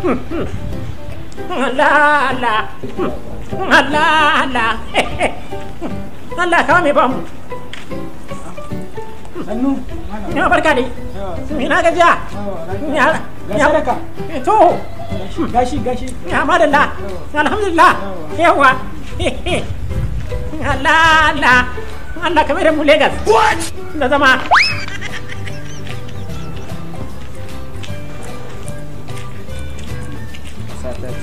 Allah Allah Allah Allah Allah kawo alhamdulillah Allah da zama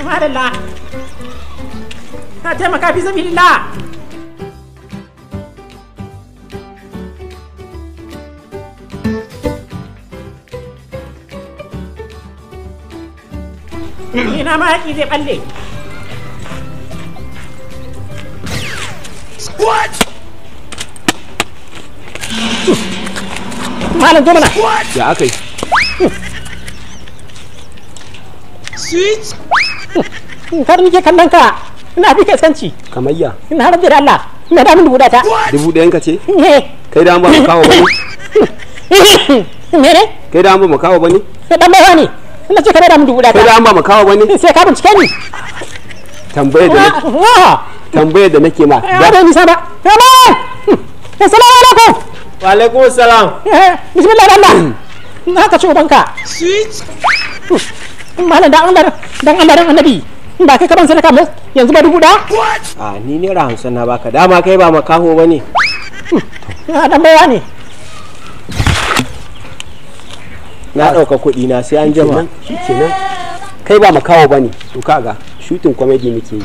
Madalla. Na taimaka fi Ina ma haƙi zai balle. What? Malam Domina. Ya aka yi. Switch. har nike kallon ka ina ka sanci kamayya ina har da Allah ina da mun dubu ta dubu ɗayan ka ce eh. kai da an ba mu kawo bane mere kai da an ba mu kawo bane sai dan bawa ne ina ce kai da mun dubu ta kai da an ba mu kawo bane sai ka bincike ni tambaye da tambaye da nake ma ba da nisa ba assalamu alaikum wa alaikum assalam eh, eh. bismillah Allah hmm. na ka ci ubanka malam da Allah dan Allah annabi in ba kai ka ban sadaka ba yanzu ba dubu da a ni naira hamsin na baka dama kai ba makaho bane a dan baya ne na ɗauka kuɗi na sai an jama shikenan kai ba makaho bane to kaga shooting comedy muke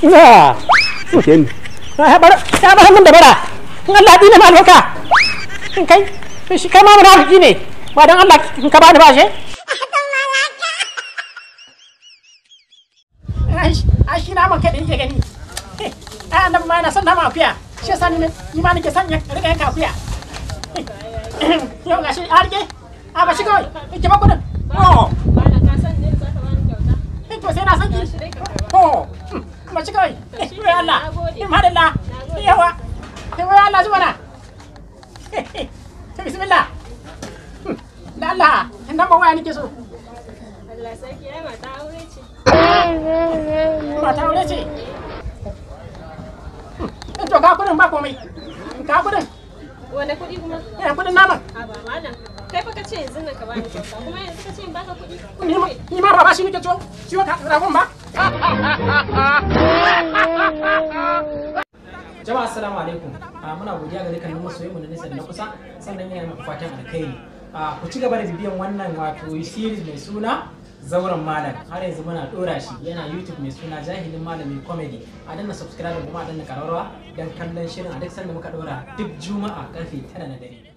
yi na shikenan ya bar ya bar hannun da bara in Allah dina ma albarka in kai shi kai ma munafiki ne ba dan Allah in ka bani ba shi a shi naman kai da yake gani eh, ai annabi ma yana son nama akuya shi yasa ni ma nake son rika yanka akuya eh, yau shi a rike a ba shi kawai ki ba eh, to sai na san ki oh ba shi kawai wai Allah in madalla yawa wai Allah zuwa na bismillah hmm, da Allah in nan ba waya so Allah sarki ai mata aure ce mata aure ce to ka kudin ba komai ka kudin wani kudi kuma ina kudin a ba malam kai fa kace yanzu na ka kuma yanzu kace in baka kudi ni ma shi nake ka ba jama'a assalamu alaikum muna godiya ga dukkanin masoyanmu na na kusa sannan yana muku fatan ku ci gaba da bibiyan wannan wato series mai suna zauren malam har yanzu muna dora shi yana youtube mai suna jahilin malami comedy a danna subscribe kuma a danna kararwa don kallon shirin a duk sanda muka dora duk juma'a karfe 9 na dare